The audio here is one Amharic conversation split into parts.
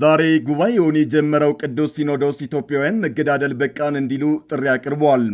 ዛሬ ጉባኤውን የጀመረው ቅዱስ ሲኖዶስ ኢትዮጵያውያን መገዳደል በቃን እንዲሉ ጥሪ አቅርቧል።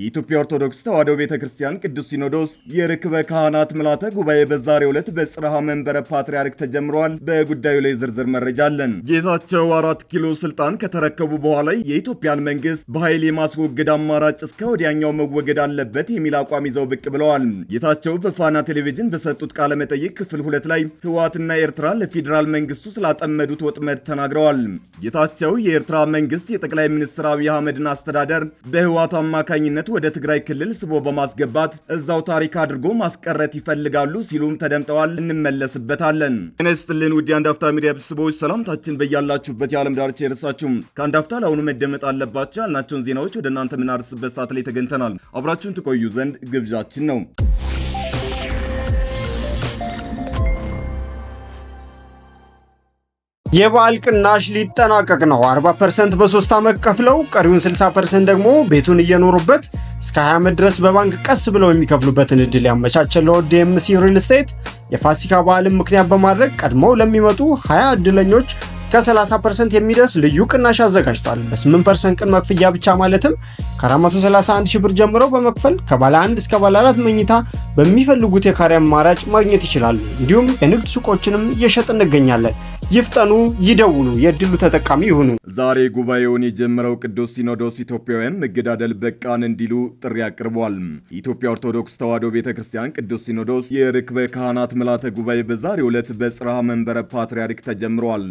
የኢትዮጵያ ኦርቶዶክስ ተዋሕዶ ቤተ ክርስቲያን ቅዱስ ሲኖዶስ የርክበ ካህናት ምልዓተ ጉባኤ በዛሬው ዕለት በጽርሐ መንበረ ፓትርያርክ ተጀምረዋል። በጉዳዩ ላይ ዝርዝር መረጃ አለን። ጌታቸው አራት ኪሎ ስልጣን ከተረከቡ በኋላ የኢትዮጵያን መንግስት በኃይል የማስወገድ አማራጭ እስከ ወዲያኛው መወገድ አለበት የሚል አቋም ይዘው ብቅ ብለዋል። ጌታቸው በፋና ቴሌቪዥን በሰጡት ቃለ መጠይቅ ክፍል ሁለት ላይ ህወሓትና ኤርትራ ለፌዴራል መንግስቱ ስላጠመዱት ወጥመድ ተናግረዋል። ጌታቸው የኤርትራ መንግስት የጠቅላይ ሚኒስትር አብይ አህመድን አስተዳደር በህወሓት አማካኝነት ጦርነት ወደ ትግራይ ክልል ስቦ በማስገባት እዛው ታሪክ አድርጎ ማስቀረት ይፈልጋሉ ሲሉም ተደምጠዋል። እንመለስበታለን። ጤና ይስጥልን ውድ የአንድ አፍታ ሚዲያ ቤተሰቦች ሰላምታችን በያላችሁበት የዓለም ዳርቻ የደረሳችሁም ከአንድ አፍታ ለአሁኑ መደመጥ አለባቸው ያልናቸውን ዜናዎች ወደ እናንተ የምናደርስበት ሰዓት ላይ ተገኝተናል። አብራችሁን ትቆዩ ዘንድ ግብዣችን ነው። የበዓል ቅናሽ ሊጠናቀቅ ነው። 40 ፐርሰንት በሶስት ዓመት ከፍለው ቀሪውን 60 ፐርሰንት ደግሞ ቤቱን እየኖሩበት እስከ 20 ዓመት ድረስ በባንክ ቀስ ብለው የሚከፍሉበትን እድል ያመቻቸለው ዲኤምሲ ሪል ስቴት የፋሲካ በዓልን ምክንያት በማድረግ ቀድመው ለሚመጡ 20 እድለኞች እስከ 30% የሚደርስ ልዩ ቅናሽ አዘጋጅቷል። በ8% ቅን መክፍያ ብቻ ማለትም ከ431 ሺህ ብር ጀምሮ በመክፈል ከባለ 1 እስከ ባለ 4 መኝታ በሚፈልጉት የካሬ አማራጭ ማግኘት ይችላሉ። እንዲሁም የንግድ ሱቆችንም እየሸጥ እንገኛለን። ይፍጠኑ፣ ይደውሉ፣ የድሉ ተጠቃሚ ይሁኑ። ዛሬ ጉባኤውን የጀመረው ቅዱስ ሲኖዶስ ኢትዮጵያውያን መገዳደል በቃን እንዲሉ ጥሪ አቅርቧል። የኢትዮጵያ ኦርቶዶክስ ተዋሕዶ ቤተ ክርስቲያን ቅዱስ ሲኖዶስ የርክበ ካህናት ምልዓተ ጉባኤ በዛሬው ዕለት በጽርሐ መንበረ ፓትርያርክ ተጀምሯል።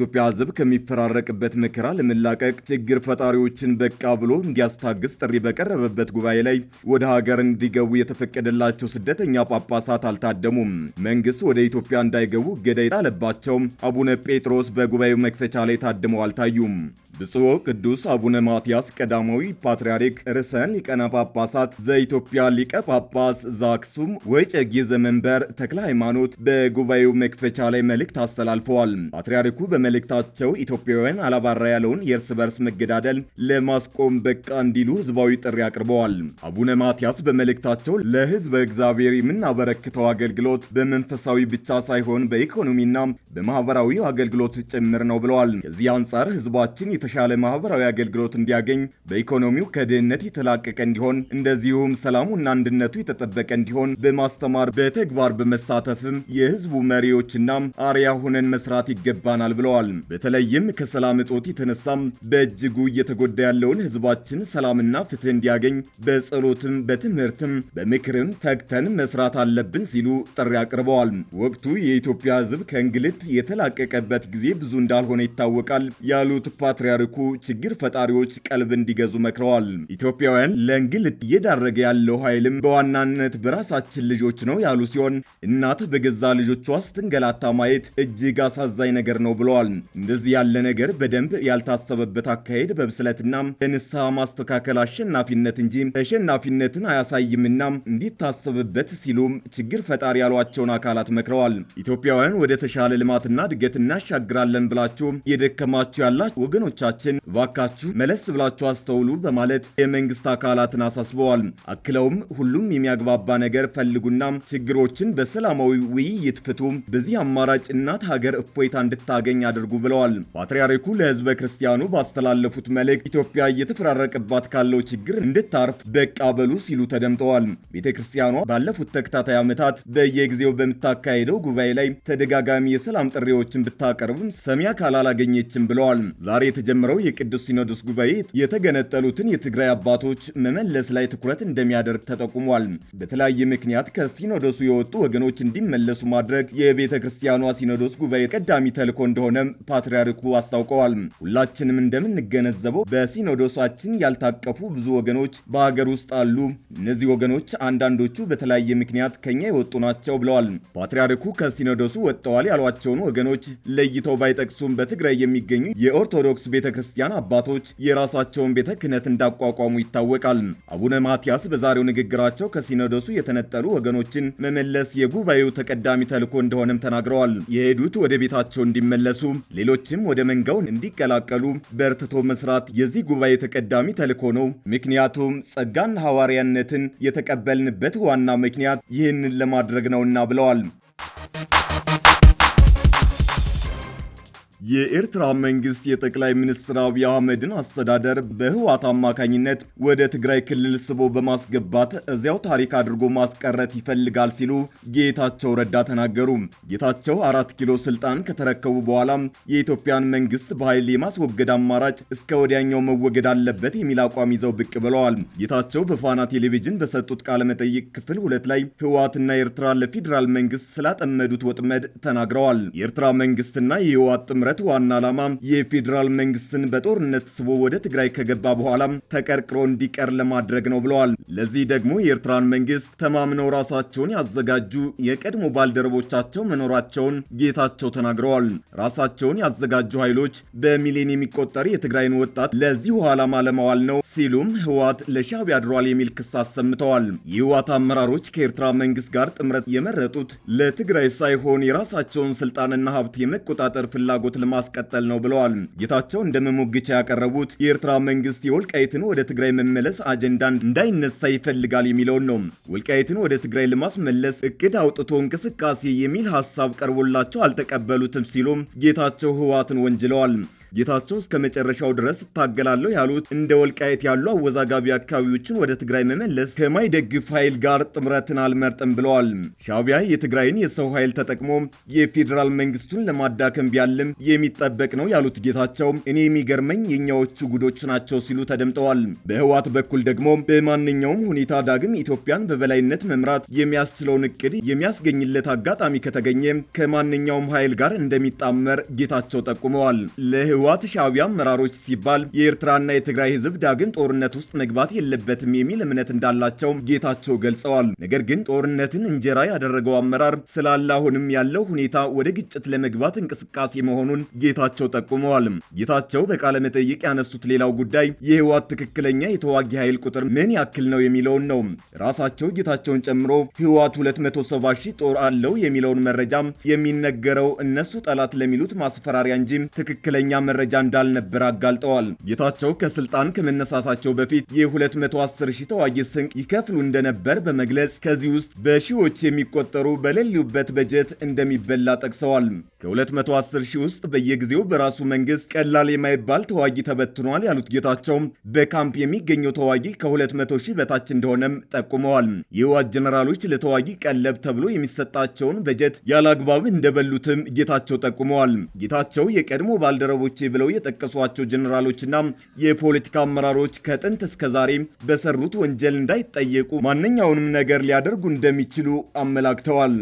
የኢትዮጵያ ሕዝብ ከሚፈራረቅበት መከራ ለመላቀቅ ችግር ፈጣሪዎችን በቃ ብሎ እንዲያስታግስ ጥሪ በቀረበበት ጉባኤ ላይ ወደ ሀገር እንዲገቡ የተፈቀደላቸው ስደተኛ ጳጳሳት አልታደሙም። መንግስት ወደ ኢትዮጵያ እንዳይገቡ እገዳ የጣለባቸው አቡነ ጴጥሮስ በጉባኤው መክፈቻ ላይ ታድመው አልታዩም። ብፁዕ ቅዱስ አቡነ ማትያስ ቀዳማዊ ፓትርያርክ ርዕሰን ሊቀና ጳጳሳት ዘኢትዮጵያ ሊቀ ጳጳስ ዘአክሱም ወዕጨጌ ዘመንበር ተክለ ሃይማኖት በጉባኤው መክፈቻ ላይ መልእክት አስተላልፈዋል። ፓትርያርኩ በመልእክታቸው ኢትዮጵያውያን አላባራ ያለውን የእርስ በርስ መገዳደል ለማስቆም በቃ እንዲሉ ህዝባዊ ጥሪ አቅርበዋል። አቡነ ማትያስ በመልእክታቸው ለህዝበ እግዚአብሔር የምናበረክተው አገልግሎት በመንፈሳዊ ብቻ ሳይሆን በኢኮኖሚና በማህበራዊ አገልግሎት ጭምር ነው ብለዋል። ከዚህ አንጻር ህዝባችን የተሻለ ማህበራዊ አገልግሎት እንዲያገኝ፣ በኢኮኖሚው ከድህነት የተላቀቀ እንዲሆን፣ እንደዚሁም ሰላሙና አንድነቱ የተጠበቀ እንዲሆን በማስተማር በተግባር በመሳተፍም የህዝቡ መሪዎችና አርያ ሆነን መስራት ይገባናል ብለዋል። በተለይም ከሰላም እጦት የተነሳም በእጅጉ እየተጎዳ ያለውን ህዝባችን ሰላምና ፍትህ እንዲያገኝ በጸሎትም በትምህርትም በምክርም ተግተን መስራት አለብን ሲሉ ጥሪ አቅርበዋል። ወቅቱ የኢትዮጵያ ህዝብ ከእንግልት የተላቀቀበት ጊዜ ብዙ እንዳልሆነ ይታወቃል ያሉት ፓትርያርኩ የሚያርኩ ችግር ፈጣሪዎች ቀልብ እንዲገዙ መክረዋል። ኢትዮጵያውያን ለእንግልት እየዳረገ ያለው ኃይልም በዋናነት በራሳችን ልጆች ነው ያሉ ሲሆን እናት በገዛ ልጆቿ ስትንገላታ ማየት እጅግ አሳዛኝ ነገር ነው ብለዋል። እንደዚህ ያለ ነገር በደንብ ያልታሰበበት አካሄድ በብስለትና ለንስሐ ማስተካከል አሸናፊነት እንጂ ተሸናፊነትን አያሳይምና እንዲታሰብበት ሲሉም ችግር ፈጣሪ ያሏቸውን አካላት መክረዋል። ኢትዮጵያውያን ወደ ተሻለ ልማትና እድገት እናሻግራለን ብላችሁ እየደከማችሁ ያላችሁ ወገኖቻ አድማጮቻችን እባካችሁ መለስ ብላችሁ አስተውሉ በማለት የመንግስት አካላትን አሳስበዋል። አክለውም ሁሉም የሚያግባባ ነገር ፈልጉና ችግሮችን በሰላማዊ ውይይት ፍቱ፣ በዚህ አማራጭ እናት ሀገር እፎይታ እንድታገኝ አድርጉ ብለዋል። ፓትርያርኩ ለህዝበ ክርስቲያኑ ባስተላለፉት መልእክት ኢትዮጵያ እየተፈራረቀባት ካለው ችግር እንድታርፍ በቃ በሉ ሲሉ ተደምጠዋል። ቤተ ክርስቲያኗ ባለፉት ተከታታይ ዓመታት በየጊዜው በምታካሄደው ጉባኤ ላይ ተደጋጋሚ የሰላም ጥሪዎችን ብታቀርብም ሰሚያ ካላላገኘችም ብለዋል። ዛሬ የተጀመ በሚጀምረው የቅዱስ ሲኖዶስ ጉባኤ የተገነጠሉትን የትግራይ አባቶች መመለስ ላይ ትኩረት እንደሚያደርግ ተጠቁሟል። በተለያየ ምክንያት ከሲኖዶሱ የወጡ ወገኖች እንዲመለሱ ማድረግ የቤተ ክርስቲያኗ ሲኖዶስ ጉባኤ ቀዳሚ ተልዕኮ እንደሆነም ፓትርያርኩ አስታውቀዋል። ሁላችንም እንደምንገነዘበው በሲኖዶሳችን ያልታቀፉ ብዙ ወገኖች በሀገር ውስጥ አሉ። እነዚህ ወገኖች አንዳንዶቹ በተለያየ ምክንያት ከኛ የወጡ ናቸው ብለዋል። ፓትርያርኩ ከሲኖዶሱ ወጥተዋል ያሏቸውን ወገኖች ለይተው ባይጠቅሱም በትግራይ የሚገኙ የኦርቶዶክስ ቤተ ቤተ ክርስቲያን አባቶች የራሳቸውን ቤተ ክህነት እንዳቋቋሙ ይታወቃል። አቡነ ማትያስ በዛሬው ንግግራቸው ከሲኖዶሱ የተነጠሉ ወገኖችን መመለስ የጉባኤው ተቀዳሚ ተልዕኮ እንደሆነም ተናግረዋል። የሄዱት ወደ ቤታቸው እንዲመለሱ፣ ሌሎችም ወደ መንጋው እንዲቀላቀሉ በርትቶ መስራት የዚህ ጉባኤ ተቀዳሚ ተልዕኮ ነው። ምክንያቱም ጸጋን ሐዋርያነትን የተቀበልንበት ዋና ምክንያት ይህንን ለማድረግ ነውና ብለዋል። የኤርትራ መንግስት የጠቅላይ ሚኒስትር አብይ አህመድን አስተዳደር በህወሓት አማካኝነት ወደ ትግራይ ክልል ስቦ በማስገባት እዚያው ታሪክ አድርጎ ማስቀረት ይፈልጋል ሲሉ ጌታቸው ረዳ ተናገሩ። ጌታቸው አራት ኪሎ ስልጣን ከተረከቡ በኋላም የኢትዮጵያን መንግስት በኃይል የማስወገድ አማራጭ እስከ ወዲያኛው መወገድ አለበት የሚል አቋም ይዘው ብቅ ብለዋል። ጌታቸው በፋና ቴሌቪዥን በሰጡት ቃለ መጠይቅ ክፍል ሁለት ላይ ህዋትና ኤርትራ ለፌዴራል መንግስት ስላጠመዱት ወጥመድ ተናግረዋል። የኤርትራ መንግስትና የህዋት ጥምረት ጥረት ዋና ዓላማ የፌዴራል መንግስትን በጦርነት ስቦ ወደ ትግራይ ከገባ በኋላም ተቀርቅሮ እንዲቀር ለማድረግ ነው ብለዋል። ለዚህ ደግሞ የኤርትራን መንግስት ተማምነው ራሳቸውን ያዘጋጁ የቀድሞ ባልደረቦቻቸው መኖራቸውን ጌታቸው ተናግረዋል። ራሳቸውን ያዘጋጁ ኃይሎች በሚሊዮን የሚቆጠር የትግራይን ወጣት ለዚሁ ዓላማ ለማዋል ነው ሲሉም ህወሓት ለሻዕቢያ አድሯል የሚል ክስ አሰምተዋል። የህወሓት አመራሮች ከኤርትራ መንግስት ጋር ጥምረት የመረጡት ለትግራይ ሳይሆን የራሳቸውን ስልጣንና ሀብት የመቆጣጠር ፍላጎት ለማስቀጠል ነው ብለዋል። ጌታቸው እንደ ያቀረቡት የኤርትራ መንግስት የወልቃይትን ወደ ትግራይ መመለስ አጀንዳን እንዳይነሳ ይፈልጋል የሚለውን ነው። ወልቃይትን ወደ ትግራይ ለማስመለስ እቅድ አውጥቶ እንቅስቃሴ የሚል ሀሳብ ቀርቦላቸው አልተቀበሉትም ሲሉም ጌታቸው ህወሓትን ወንጅለዋል። ጌታቸው እስከ መጨረሻው ድረስ እታገላለሁ ያሉት እንደ ወልቃየት ያሉ አወዛጋቢ አካባቢዎችን ወደ ትግራይ መመለስ ከማይደግፍ ኃይል ጋር ጥምረትን አልመርጥም ብለዋል። ሻቢያ የትግራይን የሰው ኃይል ተጠቅሞ የፌዴራል መንግስቱን ለማዳከም ቢያልም የሚጠበቅ ነው ያሉት ጌታቸው እኔ የሚገርመኝ የእኛዎቹ ጉዶች ናቸው ሲሉ ተደምጠዋል። በህዋት በኩል ደግሞ በማንኛውም ሁኔታ ዳግም ኢትዮጵያን በበላይነት መምራት የሚያስችለውን እቅድ የሚያስገኝለት አጋጣሚ ከተገኘ ከማንኛውም ኃይል ጋር እንደሚጣመር ጌታቸው ጠቁመዋል። ህወሓት ሻዕቢያ አመራሮች ሲባል የኤርትራና የትግራይ ህዝብ ዳግም ጦርነት ውስጥ መግባት የለበትም የሚል እምነት እንዳላቸው ጌታቸው ገልጸዋል። ነገር ግን ጦርነትን እንጀራ ያደረገው አመራር ስላለ አሁንም ያለው ሁኔታ ወደ ግጭት ለመግባት እንቅስቃሴ መሆኑን ጌታቸው ጠቁመዋል። ጌታቸው በቃለ መጠይቅ ያነሱት ሌላው ጉዳይ የህወሓት ትክክለኛ የተዋጊ ኃይል ቁጥር ምን ያክል ነው የሚለውን ነው። ራሳቸው ጌታቸውን ጨምሮ ህወሓት 270 ሺህ ጦር አለው የሚለውን መረጃም የሚነገረው እነሱ ጠላት ለሚሉት ማስፈራሪያ እንጂ ትክክለኛ መረጃ እንዳልነበር አጋልጠዋል። ጌታቸው ከስልጣን ከመነሳታቸው በፊት የ210 ሺህ ተዋጊ ስንቅ ይከፍሉ እንደነበር በመግለጽ ከዚህ ውስጥ በሺዎች የሚቆጠሩ በሌሉበት በጀት እንደሚበላ ጠቅሰዋል። ከ210 ሺህ ውስጥ በየጊዜው በራሱ መንግስት ቀላል የማይባል ተዋጊ ተበትኗል ያሉት ጌታቸው በካምፕ የሚገኘው ተዋጊ ከ200 ሺህ በታች እንደሆነም ጠቁመዋል። የህወሓት ጀነራሎች ለተዋጊ ቀለብ ተብሎ የሚሰጣቸውን በጀት ያለ አግባብ እንደበሉትም ጌታቸው ጠቁመዋል። ጌታቸው የቀድሞ ባልደረቦች ብለው የጠቀሷቸው ጀኔራሎችና የፖለቲካ አመራሮች ከጥንት እስከ ዛሬ በሰሩት ወንጀል እንዳይጠየቁ ማንኛውንም ነገር ሊያደርጉ እንደሚችሉ አመላክተዋል።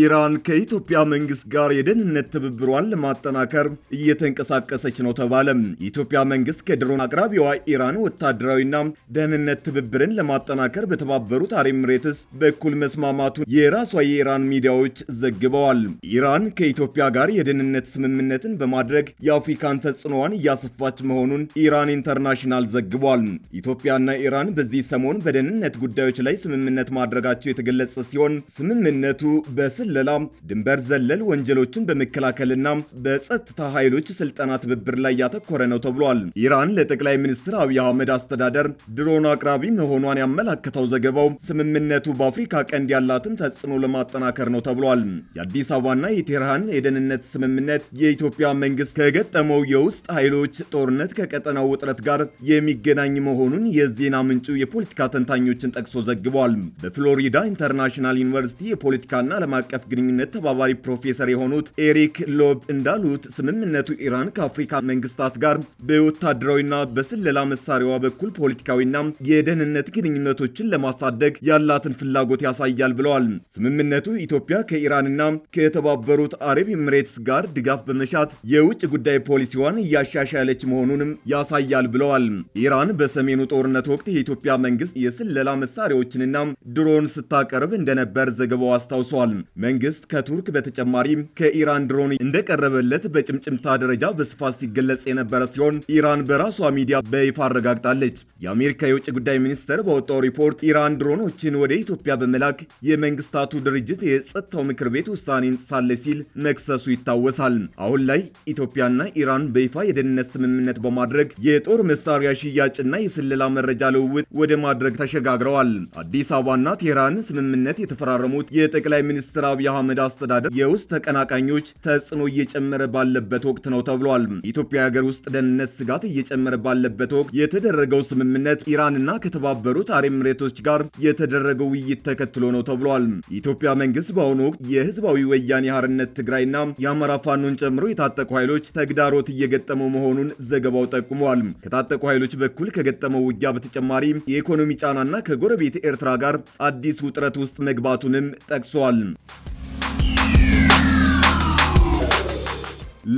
ኢራን ከኢትዮጵያ መንግስት ጋር የደህንነት ትብብሯን ለማጠናከር እየተንቀሳቀሰች ነው ተባለ። የኢትዮጵያ መንግስት ከድሮን አቅራቢዋ ኢራን ወታደራዊና ደህንነት ትብብርን ለማጠናከር በተባበሩት አረብ ኤምሬትስ በኩል መስማማቱን የራሷ የኢራን ሚዲያዎች ዘግበዋል። ኢራን ከኢትዮጵያ ጋር የደህንነት ስምምነትን በማድረግ የአፍሪካን ተጽዕኖዋን እያሰፋች መሆኑን ኢራን ኢንተርናሽናል ዘግቧል። ኢትዮጵያና ኢራን በዚህ ሰሞን በደህንነት ጉዳዮች ላይ ስምምነት ማድረጋቸው የተገለጸ ሲሆን ስምምነቱ በስ ስለላ፣ ድንበር ዘለል ወንጀሎችን በመከላከልና በጸጥታ ኃይሎች ስልጠና ትብብር ላይ ያተኮረ ነው ተብሏል። ኢራን ለጠቅላይ ሚኒስትር አብይ አህመድ አስተዳደር ድሮን አቅራቢ መሆኗን ያመላከተው ዘገባው ስምምነቱ በአፍሪካ ቀንድ ያላትን ተጽዕኖ ለማጠናከር ነው ተብሏል። የአዲስ አበባና የቴህራን የደህንነት ስምምነት የኢትዮጵያ መንግስት ከገጠመው የውስጥ ኃይሎች ጦርነት ከቀጠናው ውጥረት ጋር የሚገናኝ መሆኑን የዜና ምንጩ የፖለቲካ ተንታኞችን ጠቅሶ ዘግቧል። በፍሎሪዳ ኢንተርናሽናል ዩኒቨርሲቲ የፖለቲካና ዓለም አቀፍ አቀፍ ግንኙነት ተባባሪ ፕሮፌሰር የሆኑት ኤሪክ ሎብ እንዳሉት ስምምነቱ ኢራን ከአፍሪካ መንግስታት ጋር በወታደራዊና በስለላ መሳሪያዋ በኩል ፖለቲካዊና የደህንነት ግንኙነቶችን ለማሳደግ ያላትን ፍላጎት ያሳያል ብለዋል። ስምምነቱ ኢትዮጵያ ከኢራንና ከተባበሩት አረብ ኤምሬትስ ጋር ድጋፍ በመሻት የውጭ ጉዳይ ፖሊሲዋን እያሻሻለች መሆኑንም ያሳያል ብለዋል። ኢራን በሰሜኑ ጦርነት ወቅት የኢትዮጵያ መንግስት የስለላ መሳሪያዎችንና ድሮን ስታቀርብ እንደነበር ዘገባው አስታውሷል። መንግስት ከቱርክ በተጨማሪም ከኢራን ድሮን እንደቀረበለት በጭምጭምታ ደረጃ በስፋት ሲገለጽ የነበረ ሲሆን ኢራን በራሷ ሚዲያ በይፋ አረጋግጣለች። የአሜሪካ የውጭ ጉዳይ ሚኒስቴር በወጣው ሪፖርት ኢራን ድሮኖችን ወደ ኢትዮጵያ በመላክ የመንግስታቱ ድርጅት የጸጥታው ምክር ቤት ውሳኔን ጥሳለች ሲል መክሰሱ ይታወሳል። አሁን ላይ ኢትዮጵያና ኢራን በይፋ የደህንነት ስምምነት በማድረግ የጦር መሳሪያ ሽያጭና የስለላ መረጃ ልውውጥ ወደ ማድረግ ተሸጋግረዋል። አዲስ አበባና ቴህራን ስምምነት የተፈራረሙት የጠቅላይ ሚኒስትር የዶክተር አብይ አህመድ አስተዳደር የውስጥ ተቀናቃኞች ተጽዕኖ እየጨመረ ባለበት ወቅት ነው ተብሏል። የኢትዮጵያ የሀገር ውስጥ ደህንነት ስጋት እየጨመረ ባለበት ወቅት የተደረገው ስምምነት ኢራንና ከተባበሩት አረብ ኤሚሬቶች ጋር የተደረገው ውይይት ተከትሎ ነው ተብሏል። የኢትዮጵያ መንግስት በአሁኑ ወቅት የህዝባዊ ወያኔ ሀርነት ትግራይና የአማራ ፋኖን ጨምሮ የታጠቁ ኃይሎች ተግዳሮት እየገጠመው መሆኑን ዘገባው ጠቁሟል። ከታጠቁ ኃይሎች በኩል ከገጠመው ውጊያ በተጨማሪ የኢኮኖሚ ጫናና ከጎረቤት ኤርትራ ጋር አዲስ ውጥረት ውስጥ መግባቱንም ጠቅሷል።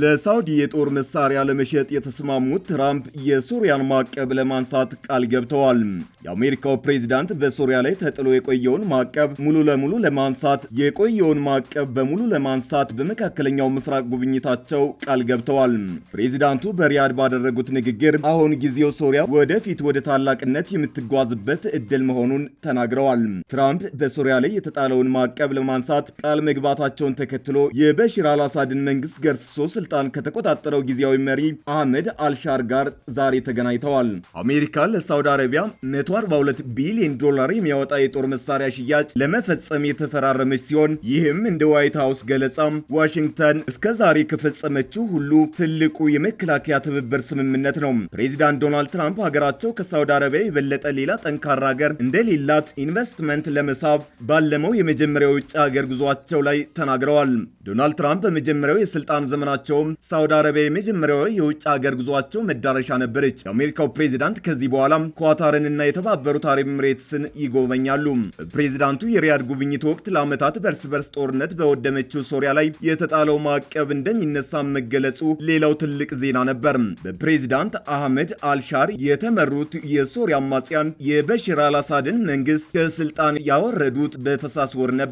ለሳውዲ የጦር መሳሪያ ለመሸጥ የተስማሙት ትራምፕ የሱሪያን ማዕቀብ ለማንሳት ቃል ገብተዋል። የአሜሪካው ፕሬዚዳንት በሱሪያ ላይ ተጥሎ የቆየውን ማዕቀብ ሙሉ ለሙሉ ለማንሳት የቆየውን ማዕቀብ በሙሉ ለማንሳት በመካከለኛው ምስራቅ ጉብኝታቸው ቃል ገብተዋል። ፕሬዚዳንቱ በሪያድ ባደረጉት ንግግር አሁን ጊዜው ሱሪያ ወደፊት ወደ ታላቅነት የምትጓዝበት እድል መሆኑን ተናግረዋል። ትራምፕ በሱሪያ ላይ የተጣለውን ማዕቀብ ለማንሳት ቃል መግባታቸውን ተከትሎ የበሽር አልአሳድን መንግስት ገርስሶ ስልጣን ከተቆጣጠረው ጊዜያዊ መሪ አህመድ አልሻር ጋር ዛሬ ተገናኝተዋል። አሜሪካ ለሳውዲ አረቢያ 142 ቢሊዮን ዶላር የሚያወጣ የጦር መሳሪያ ሽያጭ ለመፈጸም የተፈራረመች ሲሆን ይህም እንደ ዋይት ሀውስ ገለጻ ዋሽንግተን እስከ ዛሬ ከፈጸመችው ሁሉ ትልቁ የመከላከያ ትብብር ስምምነት ነው። ፕሬዚዳንት ዶናልድ ትራምፕ ሀገራቸው ከሳውዲ አረቢያ የበለጠ ሌላ ጠንካራ ሀገር እንደሌላት ኢንቨስትመንት ለመሳብ ባለመው የመጀመሪያው የውጭ ሀገር ጉዟቸው ላይ ተናግረዋል። ዶናልድ ትራምፕ በመጀመሪያው የስልጣን ዘመናቸው መሆናቸው ሳውዲ አረቢያ የመጀመሪያው የውጭ ሀገር ጉዟቸው መዳረሻ ነበረች። የአሜሪካው ፕሬዚዳንት ከዚህ በኋላ ኳታርንና የተባበሩት አረብ ኤምሬትስን ይጎበኛሉ። ፕሬዚዳንቱ የሪያድ ጉብኝት ወቅት ለዓመታት በእርስ በርስ ጦርነት በወደመችው ሶሪያ ላይ የተጣለው ማዕቀብ እንደሚነሳ መገለጹ ሌላው ትልቅ ዜና ነበር። በፕሬዚዳንት አህመድ አልሻር የተመሩት የሶሪያ አማጽያን የበሽር አልአሳድን መንግስት ከስልጣን ያወረዱት በተሳስወር ነበር።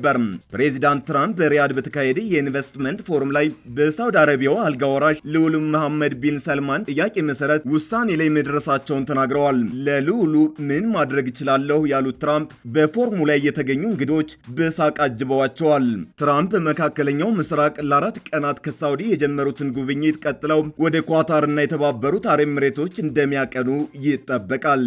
ፕሬዚዳንት ትራምፕ በሪያድ በተካሄደ የኢንቨስትመንት ፎረም ላይ በሳውዲ አረቢያ የሳዑዲው አልጋ ወራሽ ልዑሉ መሐመድ ቢን ሰልማን ጥያቄ መሰረት ውሳኔ ላይ መድረሳቸውን ተናግረዋል። ለልዑሉ ምን ማድረግ እችላለሁ ያሉት ትራምፕ በፎርሙ ላይ የተገኙ እንግዶች በሳቅ አጅበዋቸዋል። ትራምፕ በመካከለኛው ምስራቅ ለአራት ቀናት ከሳውዲ የጀመሩትን ጉብኝት ቀጥለው ወደ ኳታርና የተባበሩት አረብ ኤሚሬቶች እንደሚያቀኑ ይጠበቃል።